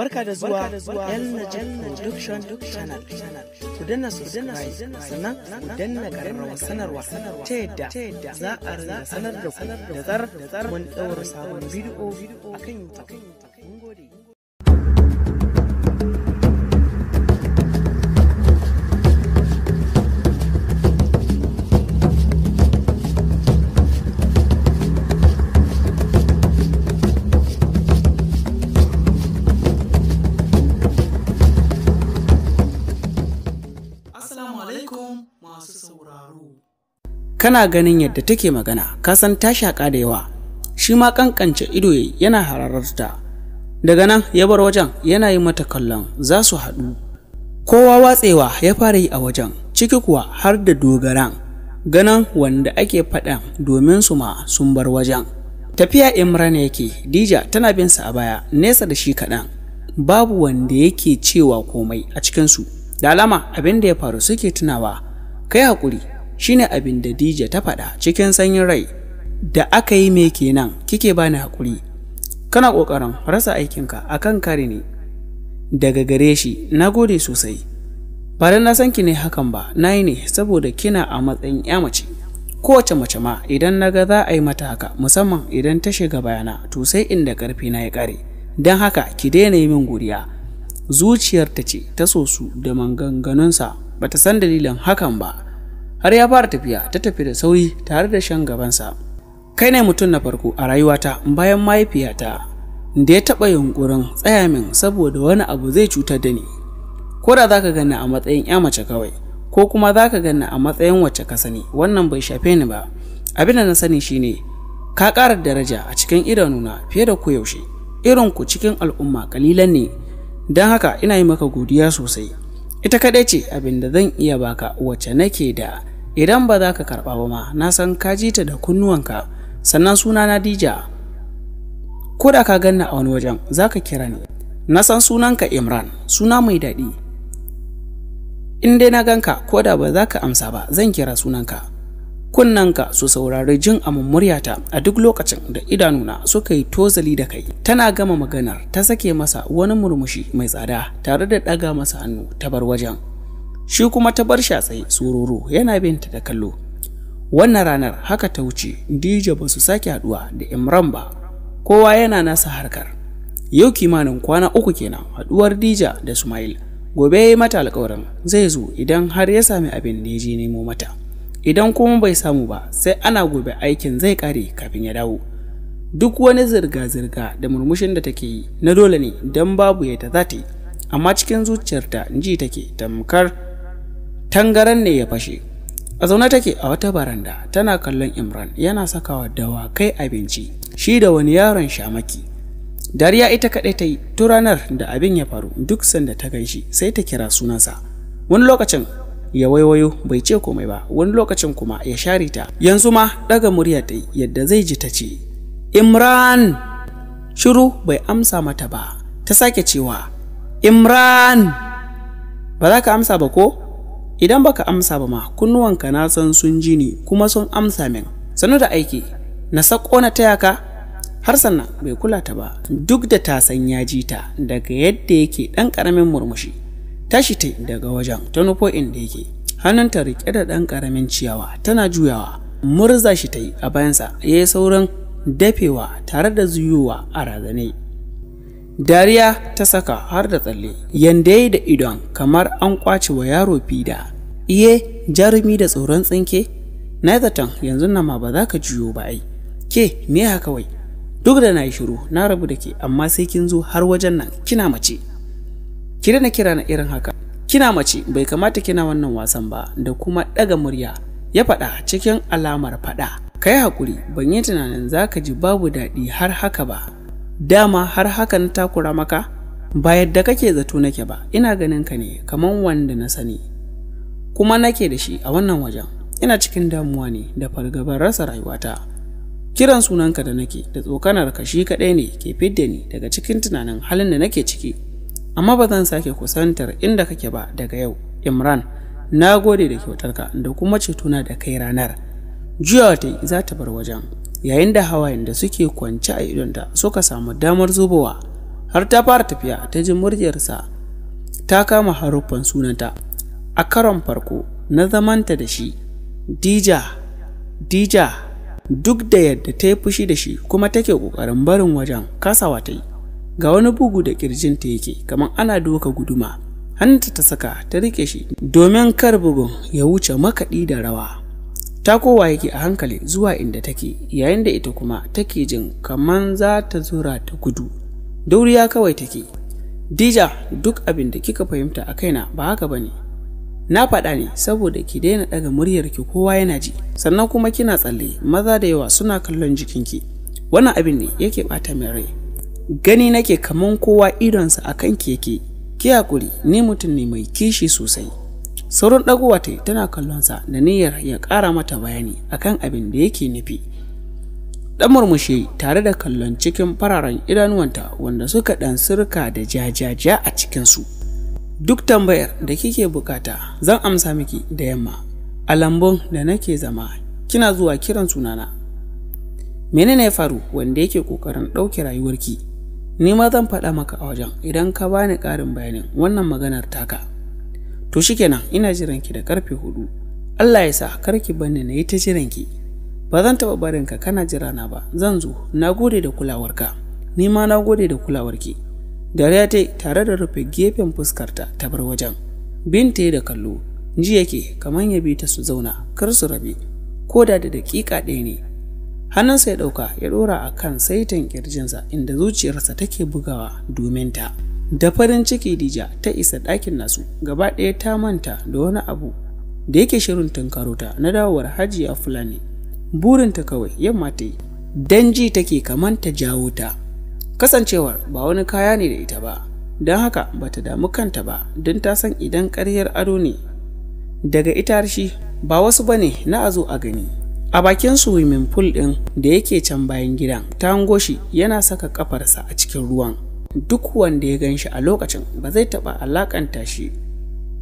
Barka da zuwa El Najib Production Channel. Ku danna subscribe sannan ku danna karamar sanarwa ta yadda za a rinda sanar da ku da zar mun ɗaura sabon bidiyo a kan YouTube. Mun gode. kana ganin yadda take magana ka san ta shaƙa da yawa shi ma kankance ido yana hararta daga nan ya bar wajen yana yi mata kallon za su haɗu kowa watsewa ya fara yi a wajen ciki kuwa har da dogaran ganin wanda ake faɗan domin su ma sun bar wajen tafiya imran yake dija tana bin sa a baya nesa da shi kaɗan babu wanda yake cewa komai a cikinsu da alama abin da ya faru suke tunawa kai haƙuri shine abin da dj ta faɗa cikin sanyin rai da aka yi me kenan kike bani haƙuri kana ƙoƙarin rasa aikinka akan kare ne daga gare shi na gode sosai ba na san ki ne hakan ba na yi ne saboda kina a matsayin ya mace kowace mace ma idan naga ga za a yi mata haka musamman idan ta shiga bayana to sai inda karfi na ya kare don haka ki daina yi min godiya zuciyar ta ce ta so su da maganganunsa bata san dalilin hakan ba har ya fara tafiya ta tafi da sauri tare da shan gabansa kai ne mutum na farko a rayuwata bayan mahaifiyata da ya taɓa yunkurin tsaya min saboda wani abu zai cutar da ni ko da zaka gani a matsayin ya mace kawai ko kuma zaka gani a matsayin wacce ka sani wannan bai shafe ni ba abin da na sani shine ka ƙara daraja a cikin idanuna fiye da ku yaushe irin ku cikin al'umma kalilan ne don haka ina yi maka godiya sosai ita kaɗai ce abin da zan iya baka wacce nake da idan ba za ka karɓa ba ma na san ka ji ta da kunnuwanka sannan suna na dija ko da ka ganna a wani wajen za ka kira ni na san sunanka imran suna mai daɗi in dai na ganka ko da ba za ka amsa ba zan kira sunanka kunnanka su saurari jin amin muryata a duk lokacin da idanuna suka yi tozali da kai tana gama maganar ta sake masa wani murmushi mai tsada tare da ɗaga masa hannu ta bar wajen shi kuma ta bar shi a tsaye sururu yana binta da kallo wannan ranar haka ta wuce dija ba su sake haduwa da imran ba kowa yana nasa harkar yau kimanin kwana uku kenan haduwar dija da sumail gobe ya yi mata alkawarin zai zo idan har ya sami abin da ya je nemo mata idan kuma bai samu ba sai ana gobe aikin zai kare kafin ya dawo duk wani zirga-zirga da murmushin da take yi na dole ne don babu yadda za ta yi amma cikin zuciyarta ji take tamkar tangaran ne ya fashe a zaune take a wata baranda tana kallon imran yana sakawa dawakai abinci shi da wani yaron shamaki dariya ita kaɗai ta yi turanar da abin ya faru duk sanda ta gaishe sai ta kira sunansa wani lokacin ya waiwayo bai ce komai ba wani lokacin kuma ya share ta yanzu ma ɗaga murya ta yadda zai ji ta ce imran shiru bai amsa mata ba ta sake cewa imran ba za ka amsa ba ko idan baka amsa ba ma kunnuwanka na san sun ji ni kuma sun amsa min sanu da aiki na sako na taya ka har sannan bai kula ta ba duk da ta san ya ji ta daga yadda yake ɗan ƙaramin murmushi tashi ta daga wajen ta nufo inda yake hannunta riƙe da ɗan ƙaramin ciyawa tana juyawa murza shi ta yi a bayansa ya yi saurin dafewa tare da zuyuwa a razane dariya ta saka har da tsalle yandai da idon kamar an kwace wa yaro fida iye jarumi da tsoron tsinke na zaton yanzu na ma ba za ka juyo ba ai ke me haka wai duk da na yi shiru na rabu da ke amma sai kin zo har wajen nan kina mace Kira na kira na irin haka kina mace bai kamata kina wannan wasan ba da kuma ɗaga murya ya faɗa cikin alamar faɗa kai hakuri ban yi tunanin za ka ji babu daɗi har haka ba dama har haka na takura maka ba yadda kake zato nake ba ina ganin ka ne kaman wanda na sani kuma nake da shi a wannan wajen ina cikin damuwa ne da fargabar rasa rayuwata kiran sunanka da nake da tsokanar ka shi kaɗai ne ke fidda ni daga cikin tunanin halin da nake ciki amma ba zan sake kusantar inda kake ba daga yau imran na gode da kyautarka da kuma cetona da kai ranar juyawa ta yi za ta bar wajen yayin da hawayen da suke kwance a idonta suka samu damar zubowa har ta fara tafiya ta ji muryarsa ta kama haruffan sunanta a karon farko na zamanta da shi dija dija duk da yadda ta yi fushi da shi kuma take ƙoƙarin barin wajen kasawa ta yi ga wani bugu da ƙirjinta yake kamar ana doka guduma hannunta ta saka ta riƙe shi domin kar bugun ya wuce makaɗi da rawa Ta kowa yake a hankali zuwa inda take yayin da ita kuma take jin kamar za ta zura ta gudu dauriya kawai take dija duk abin da kika fahimta a kaina ba haka ba ne na faɗa ne saboda ki daina ɗaga muryarki kowa yana ji sannan kuma kina tsalle maza da yawa suna kallon jikinki wannan abin ne yake ɓata min rai gani nake kaman kowa idonsa a kanki yake ki hakuri ni mutum ne mai kishi sosai sauran ɗaguwata ta tana sa da niyyar ya ƙara mata bayani akan abin da yake nufi ɗan murmushi tare da kallon cikin fararen idanuwanta wanda suka ɗan sirka da jajaja a cikinsu duk tambayar da kike bukata zan amsa miki da yamma a lambun da nake zama kina zuwa kiran sunana menene ya faru wanda yake kokarin ɗauke rayuwarki ni ma zan faɗa maka a wajen idan ka bani ƙarin bayanin wannan maganar taka To shikenan ina jiranki da karfe hudu. Allah ya sa kar ki bani na yi ta jiranki. Ba zan taɓa barinka kana jira na ba, zan zo, na gode da kulawarka. Ni ma na gode da kulawarki. Dariya ta tare da rufe gefen fuskarta ta bar wajen. Binta ya da kallo, ji yake kamar ya bi ta su zauna, kar su rabe, ko da da daƙiƙa ɗaya ne. Hannunsa ya ɗauka ya ɗora a kan saitin ƙirjinsa inda zuciyarsa take bugawa domin ta. da farin ciki dija ta isa ɗakin nasu gaba ɗaya ta manta da wani abu da yake shirin tunkarota na dawowar hajiya fulani burinta kawai yamma ta yi don ji take kaman ta jawo ta kasancewar ba wani kaya ne da ita ba don haka ba ta damu kanta ba don ta san idan karyar ado ne daga ita shi ba wasu ba ne na a zo a gani a bakin swimming pool ɗin da yake can bayan gidan ta hango shi yana saka ƙafarsa a cikin ruwan duk wanda ya gan shi a lokacin ba zai taɓa alakanta shi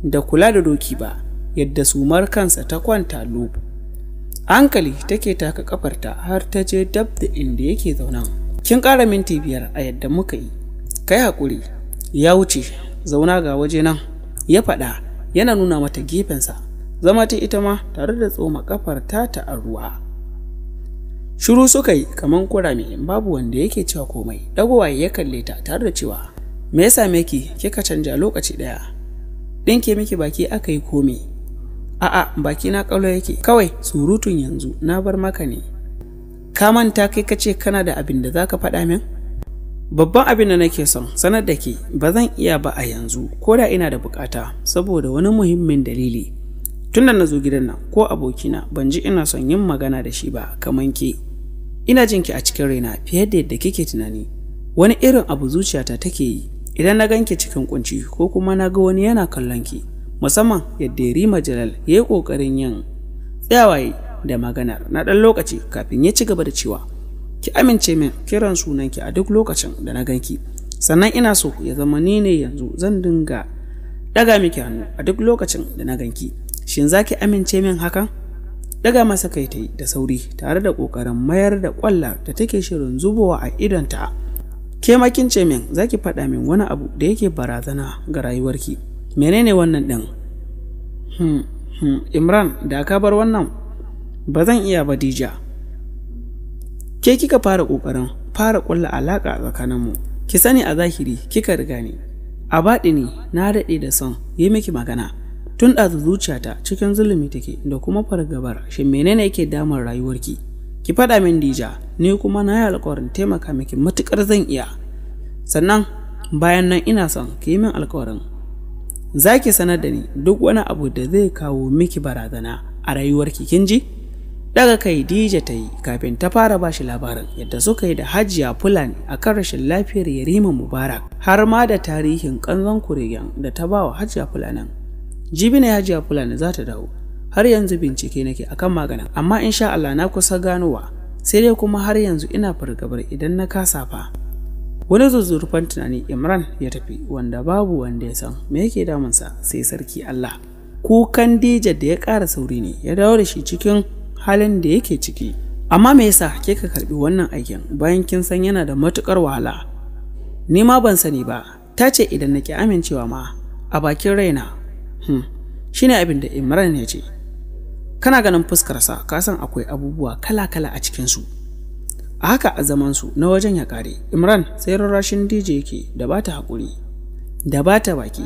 da kula da doki ba yadda sumar kansa ta kwanta lub hankali take taka kafarta har ta je dab da inda yake zauna kin ƙara minti biyar a yadda muka yi kai haƙuri ya wuce zauna ga waje nan ya faɗa yana nuna mata gefensa zama ta ita ma tare da tsoma kafarta ta a ruwa Shiru suka yi kaman kurame babu wanda yake cewa komai. Dagowa ya kalle ta tare da cewa, "Me ya same kika canja lokaci ɗaya?" Ɗinke miki baki aka yi komai. A'a, baki na kalo yake. Kawai surutun yanzu na bar maka ne. Ka manta kai ka ce kana da abin da zaka faɗa min? Babban abin da nake son sanar da ke ba zan iya ba a yanzu ko da ina da bukata saboda wani muhimmin dalili. Tunda na zo gidan nan ko abokina ban ji ina son yin magana da shi ba kamar ke. ina jin ki a cikin raina fiye da yadda kike tunani wani irin abu zuciyata take yi idan na ganki cikin kunci ko kuma na ga wani yana kallon ki musamman yadda Rima Jalal ya yi ƙoƙarin yin tsayawaye da magana na ɗan lokaci kafin ya ci gaba da cewa ki amince min kiran sunan ki a duk lokacin da na ganki sannan ina so ya zama ni ne yanzu zan dinga daga miki hannu a duk lokacin da na ganki shin za ki amince min hakan daga masa kai ta yi da sauri tare da ƙoƙarin mayar da ƙwallar da take shirin zubowa a idonta ke makin ce min za ki faɗa min wani abu da yake barazana ga rayuwarki menene wannan ɗin hmm, hmm, imran da ka bar wannan ba zan iya ba dija ke kika fara ƙoƙarin fara ƙulla alaƙa tsakaninmu ki sani a zahiri kika riga ni a baɗi ne na daɗe da son yi miki magana tun ɗazu zuciyata cikin zulumi take da kuma fargabar shin menene yake damar rayuwarki ki faɗa min dija ni kuma na yi alkawarin taimaka miki matuƙar zan iya sannan bayan nan ina son ki yi min alkawarin za ki sanar da ni duk wani abu da zai kawo miki barazana a rayuwarki kin ji daga kai dija ta yi kafin ta fara ba shi labarin yadda suka yi da hajiya fulani a kan rashin lafiyar yarima mubarak har ma da tarihin kanzon kuregen da ta ba wa hajiya fulanin jibi na hajiya fulani za ta dawo har yanzu bincike nake akan maganin amma insha Allah na kusa ganowa sai dai kuma har yanzu ina fargabar idan na kasa fa wani zuzzurfan tunani imran ya tafi wanda babu wanda ya san me yake damunsa sai sarki Allah kukan dija da ya ƙara sauri ne ya dawo da shi cikin halin da yake ciki amma me yasa ke ka karbi wannan aikin bayan kin san yana da matukar wahala ni ma ban sani ba ta ce idan nake amincewa ma a bakin raina Hmm. shine abin da imran ya ce kana ganin fuskarsa ka san akwai abubuwa kala-kala a cikinsu a haka a zamansu na wajen ya kare imran sai rarrashin dj yake da ba ta haƙuri da ba ta baki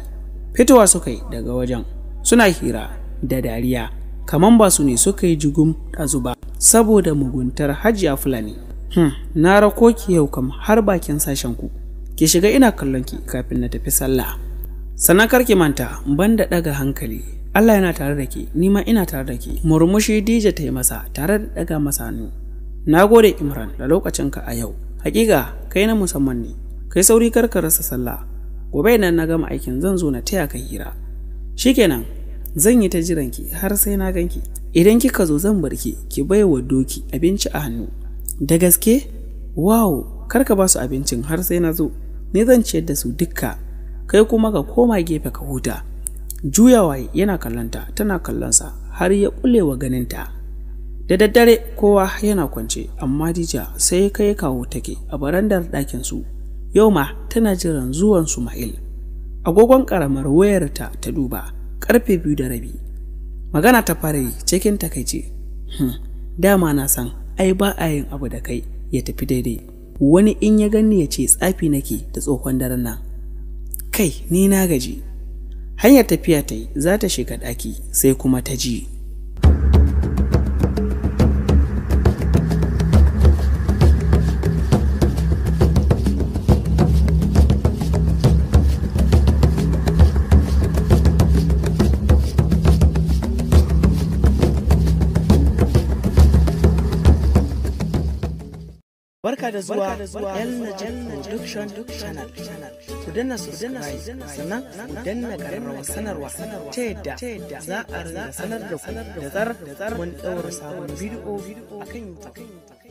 fitowa suka yi daga wajen suna hira da dariya kamar ba su ne suka yi jigum ɗazu zuba saboda muguntar hajiya fulani hmm. na rako ki yau kam har bakin sashen ku ki shiga ina kallon ki kafin na tafi sallah sannan karki manta banda daga hankali Allah yana tare da ke nima ina tare da ke murmushi dija ta yi masa tare da daga masa hannu na gode imran da lokacinka a yau hakika kai na musamman ne kai sauri karka rasa sallah gobe nan na gama aikin zan zo na taya ka hira shikenan zan yi ta jiran ki har sai na ganki idan kika zo zan barki ki baiwa doki abinci a hannu da gaske wow karka ba su abincin har sai na zo ni zan ciyar da su dukka kai kuma ka koma gefe ka huta juyawa yana kallonta tana kallonsa har ya wa ganinta da daddare kowa yana kwance amma dija sai kai kawo take a barandar ɗakin su yau ma tana jiran zuwan suma'il agogon ƙaramar wayarta ta duba karfe biyu da rabi magana ta fara yi cikin takaici hmm, dama na san ai ba a yin abu da kai ya tafi daidai wani in ya ganni ya ce tsafi nake da tsohon daren nan kai ni na gaji hanyar tafiya ta yi za ta shiga ɗaki sai kuma ta ji Barka da zuwa El Najib Production Channel. Ku danna su sannan ku danna karamar sanarwa ta yadda za a sanar da ku da zar mun ɗaura sabon bidiyo akan kan